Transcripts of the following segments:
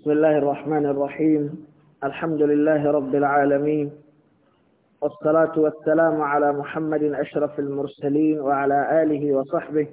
بسم الله الرحمن الرحيم الحمد لله رب العالمين والصلاة والسلام على محمد أشرف المرسلين وعلى آله وصحبه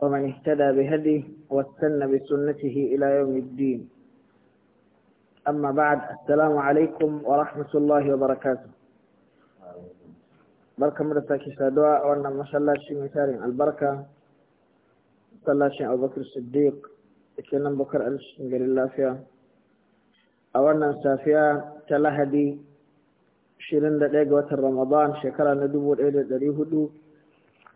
ومن اهتدى بهديه واستنى بسنته إلى يوم الدين أما بعد السلام عليكم ورحمة الله وبركاته بركة مرتاكي سادوا وأنا ما شاء الله شيء مثالي البركة صلى الله عليه أبو بكر الصديق da nan bakar an garin lafiya a wannan safiya ta lahadi 21 ga watan ramadan shekara na 1400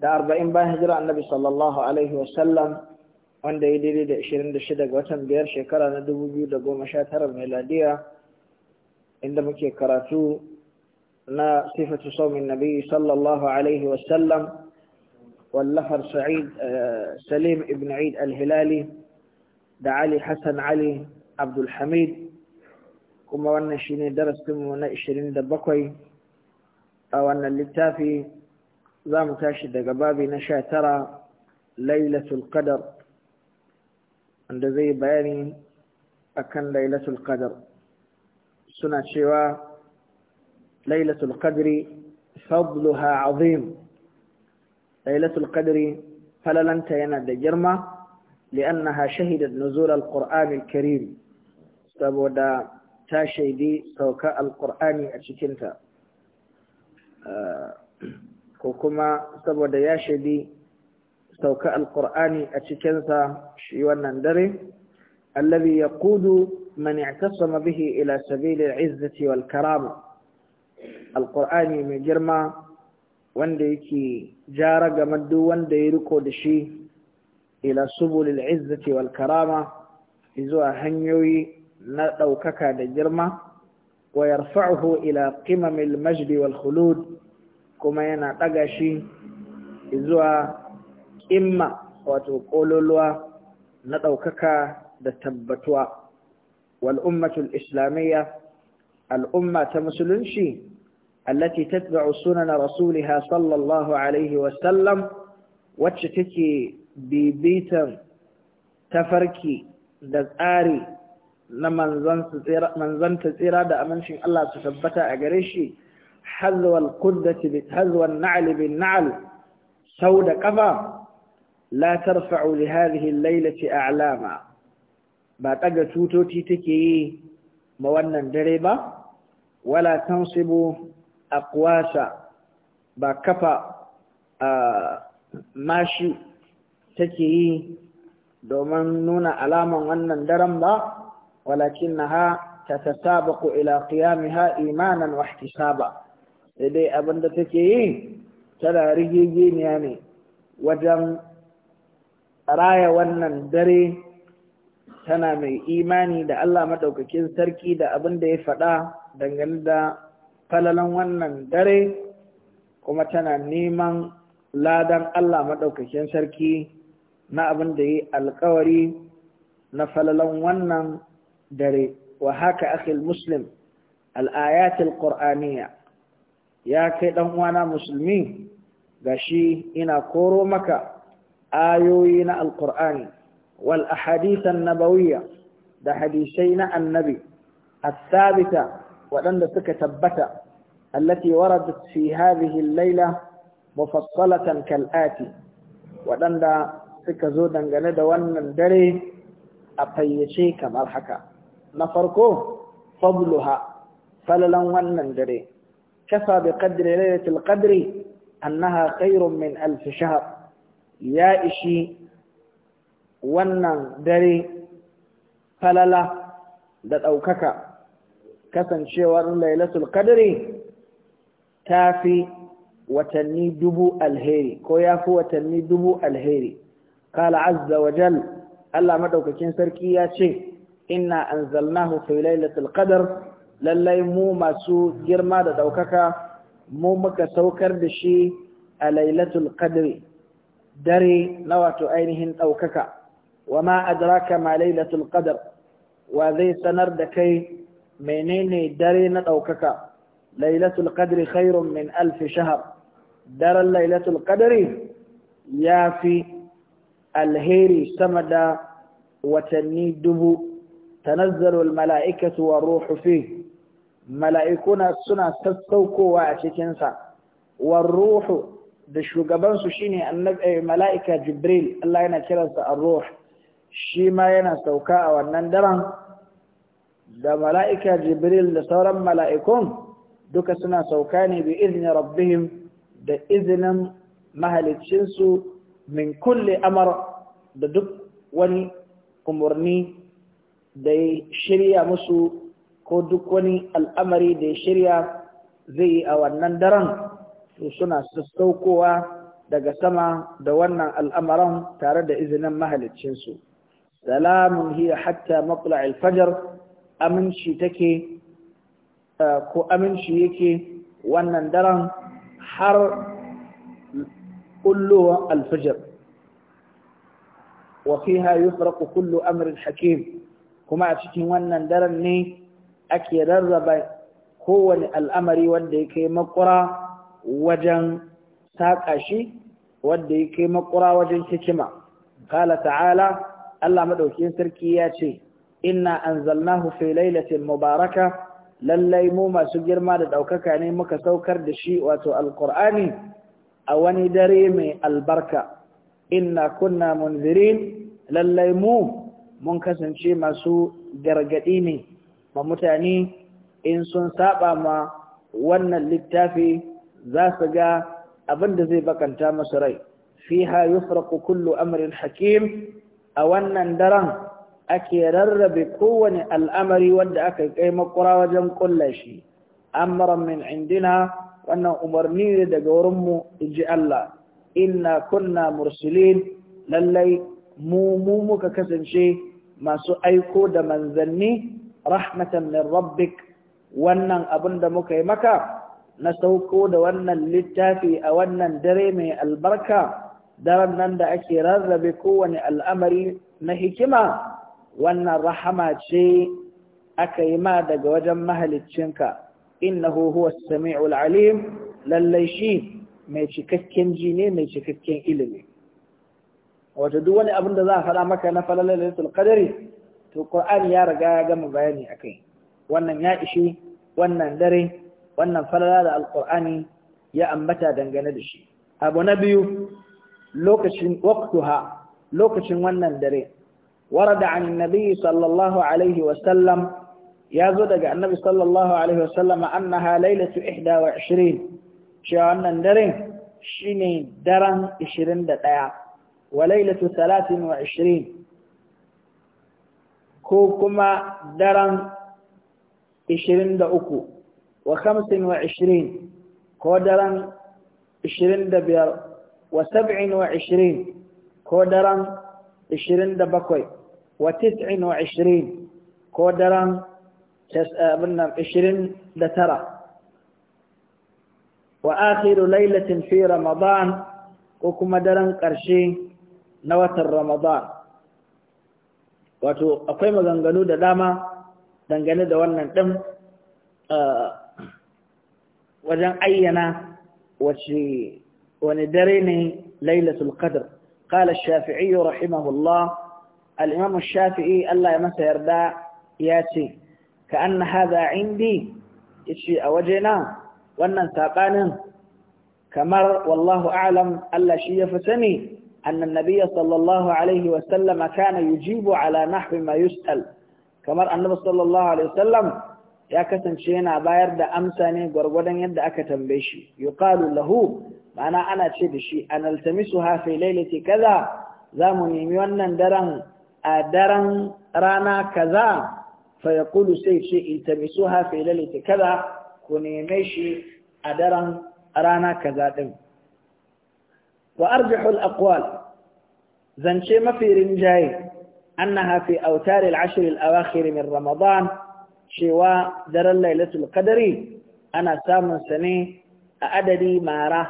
da arba'in bayan hijira annabi sallallahu alaihi wasallam wanda ya daidai da 26 ga watan biyar shekara na 2019 meladiya inda muke karatu na sifatu saumin nabi sallallahu alaihi wasallam wallafar sa'id eh, salim ibn aid al-hilali da Ali Hassan Ali Abdulhamid kuma wannan shi ne darasinmu na 27 a wannan littafi za mu tashi daga babi na 19 lailatul qadar wanda zai bayani akan lailatul qadar suna cewa lailatul qadri fadluha azim lailatul qadri falalanta yana da girma لأنها شهدت نزول القرآن الكريم سبودا تاشيدي سوكاء القرآن أشكنتا كوكما سبودا ياشدي سوكاء القرآن أشكنتا شيوانا دري الذي يقود من اعتصم به إلى سبيل العزة والكرامة القرآن من جرما wanda yake jara game duk wanda ya riko da shi ila subulil izzati wal karama zuwa hanyoyi na ɗaukaka da girma wa yarfa'uhu ila qimamil majdi wal khulud kuma yana ɗaga shi zuwa ƙimma wato ƙololuwa na ɗaukaka da tabbatuwa wal ummatul islamiyya al'umma ta musulunci alati tatba'u sunana rasuliha sallallahu alaihi wasallam wacce take bibitan tafarki da tsari na manzanta tsira da amincin Allah su tabbata a gare shi hazwal kuddati bi hazwan na'l bin na'l sau da ƙafa. la tarfa'u li hadhihi al a'lama ba daga tutoti take yi ma wannan dare ba wala tansibu kuwasa ba kafa ah, mashi take yi domin nuna alaman wannan daren ba walakin na ha ta tasabaku ila qiyamiha imanan wa ihtisaba sai dai abin da take yi tana rigigeniya ne wajen raya wannan dare tana mai imani da Allah maɗaukakin sarki da abinda ya faɗa dangane da falalan wannan dare kuma tana neman ladan Allah maɗaukakin sarki na abin da yi alkawari na falalan wannan dare wa haka akhil muslim al'ayatul qur'aniyya ya kai dan uwana musulmi gashi ina koro maka ayoyi na alqur'ani wal ahadith an-nabawiyya da hadisai na annabi الثابتة waɗanda suka tabbata allati waradat fi hadhihi al-laila mufassala kal'ati waɗanda suka zo dangane da wannan dare a fayyace kamar haka na farko fabluha falalan wannan dare kafa bi qadri lailatul qadri annaha kairun min alf ya ishi wannan dare falala da ɗaukaka kasancewar lailatul qadri ta fi watanni dubu alheri ko ya fi watanni dubu alheri qala azza wa jal Allah madaukakin sarki ya ce inna anzalnahu fi lailatul qadr lallai mu masu girma da ɗaukaka, mu muka saukar da shi a lailatul qadri dare na wato ainihin wa ma adraka ma lailatul qadr wa zai sanar da kai menene dare na ɗaukaka? lailatul qadri khairun min alfi shahar daren lailatul qadri yafi alheri sama da watanni dubu tanazzalul mala'ikatu wa ruhu fi mala'ikuna suna sassaukowa a cikinsa wa ruhu da shugabansu shine annabi eh, mala'ika jibril Allah yana kiransa ar-ruh shi ma yana sauka a wannan daren da mala'ika jibril da sauran mala'ikun duka suna sauka ne bi izni rabbihim da izinin mahalicinsu min kulle amar da duk wani umarni da ya shirya musu ko duk wani al'amari da ya shirya zai yi a wannan daren su suna sassaukowa daga sama da wannan al'amaran tare da izinin mahaliccinsu. Salamun hiya hatta matsala alfajar aminci take eh, ko aminci yake wannan daren har kullowar alfijir wa fiha yufraqu kullu amrin hakim kuma a cikin wannan daren ne ake rarraba kowane al'amari wanda ya kai makura wajen saƙa shi wanda ya kai makura wajen hikima kala ta'ala Allah maɗaukin sarki ya ce inna anzalnahu fi lailatin mubaraka lallai mu masu girma da ɗaukaka ne muka saukar da shi wato alƙur'ani a wani dare mai albarka inna kunna munzirin lallai mu mun kasance masu gargadi ne ma mutane in sun saba ma wannan littafi za su ga abin da zai bakanta masu rai fiha yufraqu kullu amrin hakim a wannan daren ake rarrabe kowane al'amari wanda aka kai makura wajen shi. amran min indina wannan umarni ne daga wurinmu in ji Allah inna kunna mursulin lallai mu mu muka kasance masu aiko da manzanni rahmatan min rabbik wannan abin da muka yi maka na sauko da wannan littafi a wannan dare mai albarka daren nan da ake rarrabe kowane al'amari na hikima wannan rahama ce aka yi ma daga wajen mahaliccinka innahu huwa samiul alim lallai shi mai cikakken ji ne mai cikakken ilimi wato duk wani abin da za a faɗa maka na falalar lailatul qadari to qur'an ya riga ya gama bayani akai wannan ya ishi wannan dare wannan falala da alqur'ani ya ambata dangane da shi abu na biyu lokacin waqtuha lokacin wannan dare warada an nabi sallallahu alaihi wa sallam ya zo daga annabi sallallahu alaihi wasallam annaha lailatu 21 cewa wannan daren shine daren 21 wa lailatu 23 ko kuma daren uku wa 25 ko daren biyar wa 27 ko daren bakwai wa 29 ko daren da tara wa عشرين دترى وآخر ramadan ko kuma daren karshe na watan ramadan wato akwai maganganu da dama dangane da wannan ɗin wajen ayyana wace wani dare ne lailatul qadr qala ash-shafi'i rahimahullah al-imam shafii Allah ya masa yarda ya ce ka an haza indi ya a wajena wannan saƙanin. kamar wallahu alam Allah shi ya fi sani annan nabiya sallallahu alaihi wasallama kana yi jibo ala nahwi mayustal kamar annaba sallallahu alaihi wasallam ya kasance yana bayar da amsa ne gwargwadon yadda aka tambaye shi yi ƙalu lahu ma'ana ana ce da shi an altami su hafi lailati kaza za mu nemi wannan daren a daren rana kaza فيقول سيف شيء التمسوها في ليلة كذا كوني ميشي أدرا أرانا كذا دم وأرجح الأقوال زنشي ما في رنجاي أنها في أوتار العشر الأواخر من رمضان شواء در الليلة القدر أنا سام سني أددي راه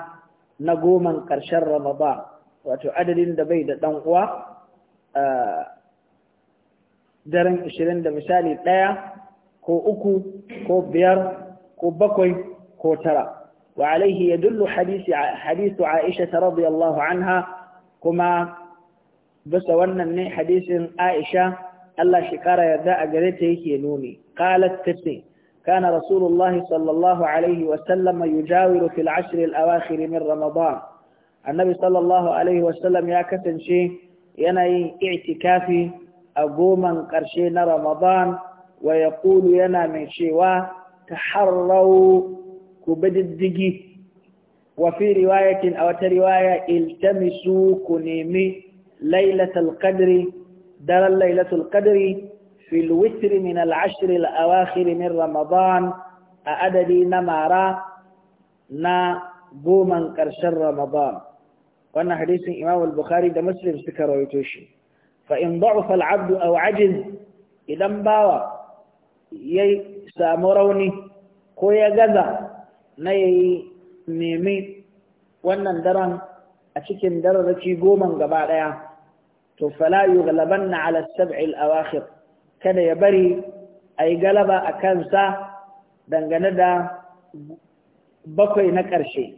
نقوما قرشر رمضان وتعدد دبيد دنقوا آه daren ashirin da misali ɗaya ko uku ko biyar ko bakwai ko tara wa alaihi ya dullu hadisi a aisha ta radiyallahu anha kuma bisa wannan ne hadisin aisha Allah shi kara yadda a gare ta yake nuni kalat ta kana rasulullah sallallahu alaihi wasallam ya jawiro fil ashir al-awakhir min ramadan annabi sallallahu alaihi wasallam ya kasance yana yin i'tikafi أقوماً قرشينا رمضان ويقول ينا من شواء تحروا كبد الدقي وفي رواية أو ترواية التمسوا كنيمي ليلة القدر دل ليلة القدر في الوتر من العشر الأواخر من رمضان أعددي را نا قوماً قرشين رمضان وأن حديث إمام البخاري ده مسلم سكر ويتوشي in ba'ufal abdu a wa'ajin idan bawa ya samu rauni ko ya gaza na ya nemi wannan daren a cikin dararraki goma gaba ɗaya to fala yi galaban na alasab'il awakhir kada ya bari a yi galaba a kansa dangane da bakwai na ƙarshe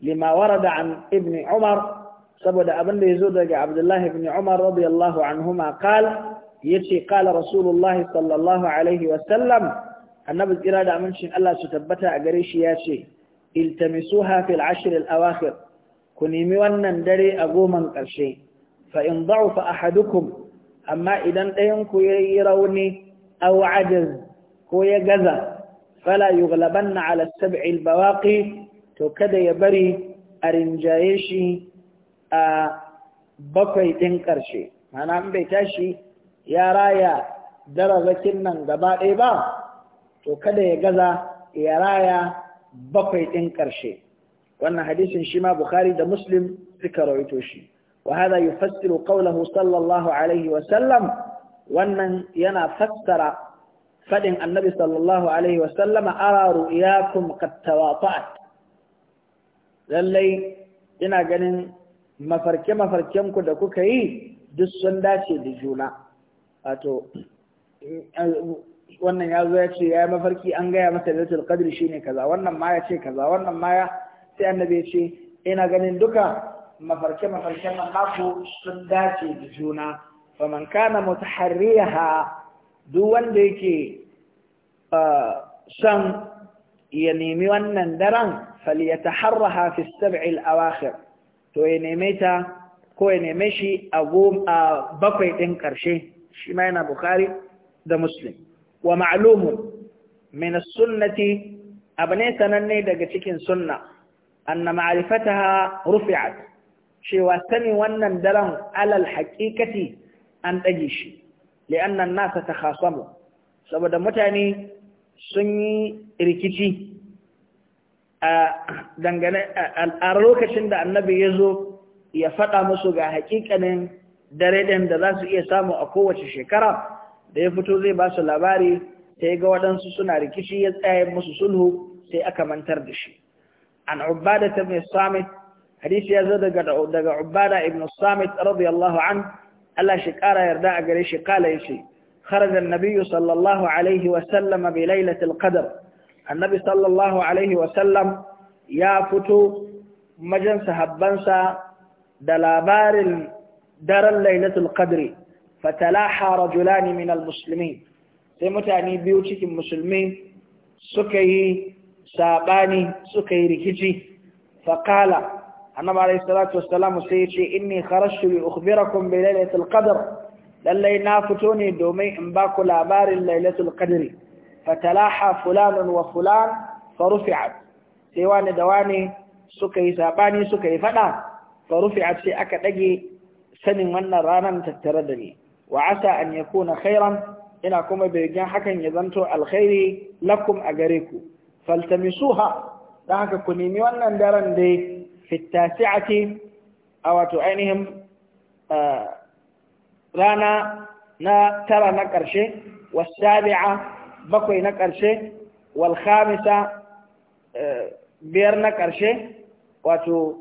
lima da an ibn umar saboda abin da ya zo daga abdullahi ibn umar radiyallahu anhuma qala yace qala rasulullahi sallallahu alaihi wa sallam annabi kira da amincin Allah su tabbata a gare shi yace iltamisuha fil ashr al awakhir ku nemi wannan dare a goman karshe fa in da'ufa ahadukum amma idan ɗayan ku yayi rauni aw ajaz ko ya gaza fala yughlabanna ala sab'i al bawaqi to kada ya bari a rinjaye shi a bakwai ɗin ƙarshe mana bai tashi ya raya dararrakin nan gaba ɗaya ba to kada ya gaza ya raya bakwai ɗin ƙarshe wannan hadisin shi ma bukhari da muslim suka rawaito shi وهذا yi fassiru صلى الله Alaihi wasallam wannan yana fassara faɗin annabi sallallahu alaihi wasallama ara ru'yakum lallai ina ganin mafarke ku da kuka yi duk sun dace da juna wato wannan ya zo ya ce ya yi mafarki an gaya masa lailatul qadri shine kaza wannan ma ya ce kaza wannan ma ya sai annabi ya ce ina ganin duka mafarke mafarken nan naku sun dace da juna man kana mutaharriha duk wanda yake son ya nemi wannan daren falyataharraha fi sab'il awakhir to ya neme ta ko ya neme shi a bakwai ɗin ƙarshe shi ma yana bukari da muslim wa ma'alumu Mina sunnati abu ne sananne daga cikin sunna anna ma'rifataha rufi'at cewa sani wannan daren alal haqiqati an ɗage shi li'anna an-nasa mu. saboda mutane sun yi rikici a lokacin da annabi ya zo ya faɗa musu ga haƙiƙanin dare ɗin da za su iya samu a kowace shekara da ya fito zai ba su labari ta ga waɗansu suna rikici ya tsaye musu sulhu sai aka mantar da shi an ubada ta mai samit hadisi ya zo daga ubada ibn samit radiyallahu an Allah shi ƙara yarda a gare shi kala ya ce kharaja nabiyyu sallallahu alaihi wa sallama bi lailatul qadr annabi sallallahu alaihi wasallam ya fito majin sahabbansa da labarin daren lailatul qadri fatalaha rajulani min almuslimin sai mutane biyu cikin musulmi suka yi sabani suka yi rikici faqala annabi alaihi salatu wassalam sai ya ce inni kharashtu li ukhbirakum bi lailatul qadr lallai na fito ne domin in ba ku labarin lailatul qadri fatalaha fulanun wa fulan farufi'at sai wani da wani suka yi sabani suka yi fada farufi'at sai aka dage sanin wannan ranar tattare da ni wa asa an yakuna khairan ina kuma begen hakan ya zanto alkhairi lakum a gare ku faltamisuha dan haka ku nemi wannan daren dai fi tasi'ati a wato ainihin rana na tara na ƙarshe wasabi'a bakwai na ƙarshe wal khamisa eh, biyar na ƙarshe wato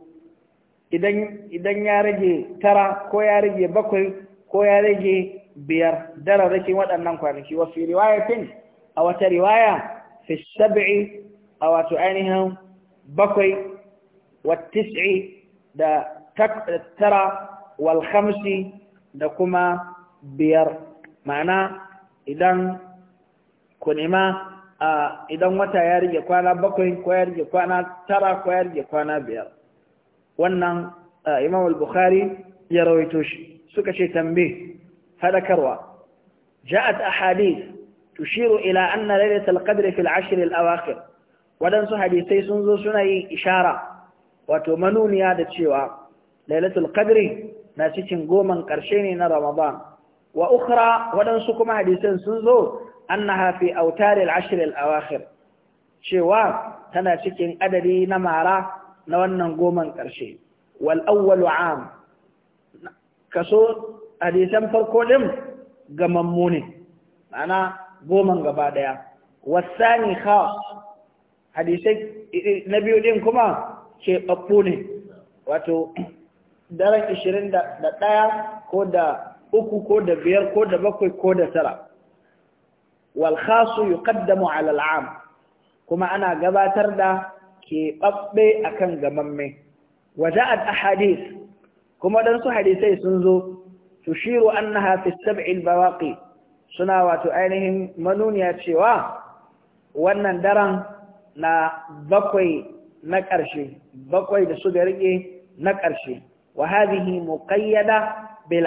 idan ya rage tara ko ya rage bakwai ko ya rage biyar dara dararrakin waɗannan kwanaki wa fi fin a wata riwaya fi sabi'i a wato ainihin bakwai wa tis'i da tara wal khamsi da kuma biyar ma'ana idan ku nema idan wata ya rige kwana bakwai ko ya rige kwana tara ko ya rige kwana biyar wannan imam al-bukhari ya rawaito shi suka ce tambe hadakarwa ja'at ahadith tushiru ila anna lailatul qadri fil ashr al-awakhir wadansu hadisai sun zo suna yin ishara wato manuniya da cewa lailatul qadri na cikin goman karshe ne na ramadan wa ukhra wadansu kuma hadisai sun zo annaha fi autaril ashr al awakhir cewa tana cikin adadi na mara na wannan goman ƙarshe. wal awwalu am kaso hadisan farko din ga mammune ana goman gaba daya wasani khas hadisai na biyu din kuma ke babbu ne wato daren 21 ko da uku ko da biyar ko da bakwai ko da tara wal khasu yuqaddamu ala al am kuma ana gabatar da keɓaɓɓe akan gamamme waja'at ahadith kuma dan su hadisai sun zo tushiru annaha fi sab'il bawaqi suna wato ainihin manuniya cewa wannan daren na bakwai na ƙarshe bakwai da suka riƙe na ƙarshe wa hadhihi muqayyada bil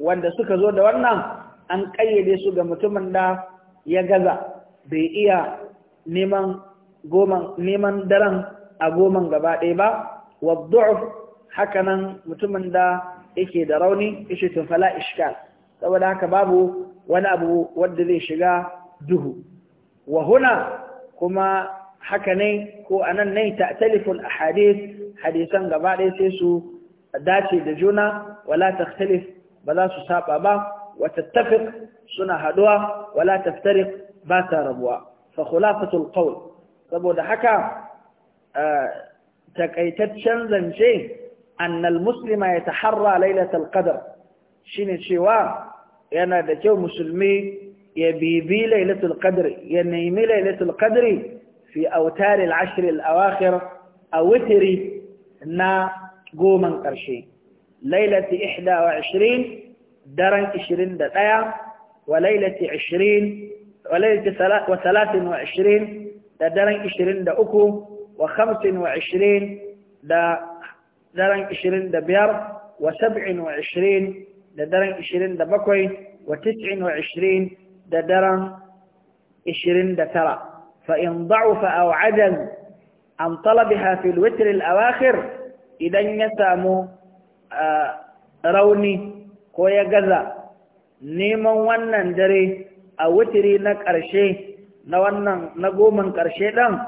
wanda suka zo da wannan an ƙayyade su ga mutumin da ya gaza bai iya neman goman neman daren a goman gaba ɗaya ba waddu'uf hakanan mutumin da yake da rauni ishe fala ishkal saboda haka babu wani abu wanda zai shiga duhu wa huna kuma haka ne ko anan ne a ahadith hadisan gaba ɗaya sai su dace da juna wala takhtalif ba za su saba ba وتتفق سنة هدوى ولا تفترق باتا ربوى فخلافة القول ربو دحكا آه، تكيتت شنزا شيء أن المسلم يتحرى ليلة القدر شين الشواء يانا جو مسلمي يبيبي ليلة القدر ينيمي ليلة القدر في أوتار العشر الأواخر أوتري نا قوما قرشي ليلة إحدى وعشرين دران إشرين دقيا وليلة عشرين وليلة وثلاث وعشرين دا دران إشرين دقو وخمس وعشرين دا دران إشرين دبير وسبع وعشرين دا دران إشرين دبكوي وتسع وعشرين دا دران إشرين دترى فإن ضعف أو عدل عن طلبها في الوتر الأواخر إذا يسامو روني ko ya gaza neman wannan dare a wutiri na ƙarshe na wannan na goman ƙarshe ɗan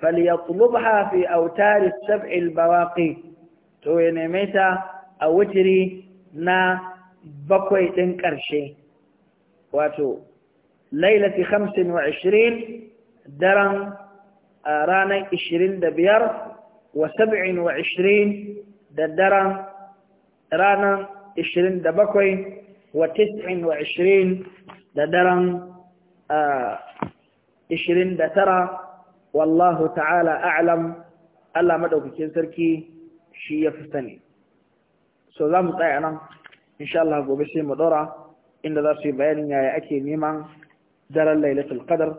falyatlubha fi autari sab'il bawaqi to ya neme ta a wutiri na bakwai ɗin ƙarshe wato lailati 25 daren ranar 25 wa 27 da daren ranar ishirin da bakwai wa tis'in wa ishirin da daren ishirin da tara wallahu ta'ala a'lam Allah maɗaukakin sarki shi ya fi sani so za mu tsaya nan insha Allah gobe sai mu ɗora inda za su yi bayanin yaya ake neman daren lailatul qadar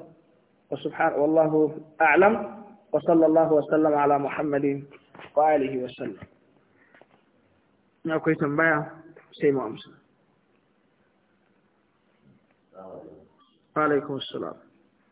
wa subhan wallahu a'lam wa sallallahu wa sallam ala muhammadin wa alihi wa sallam akwai tambaya sai mu amsa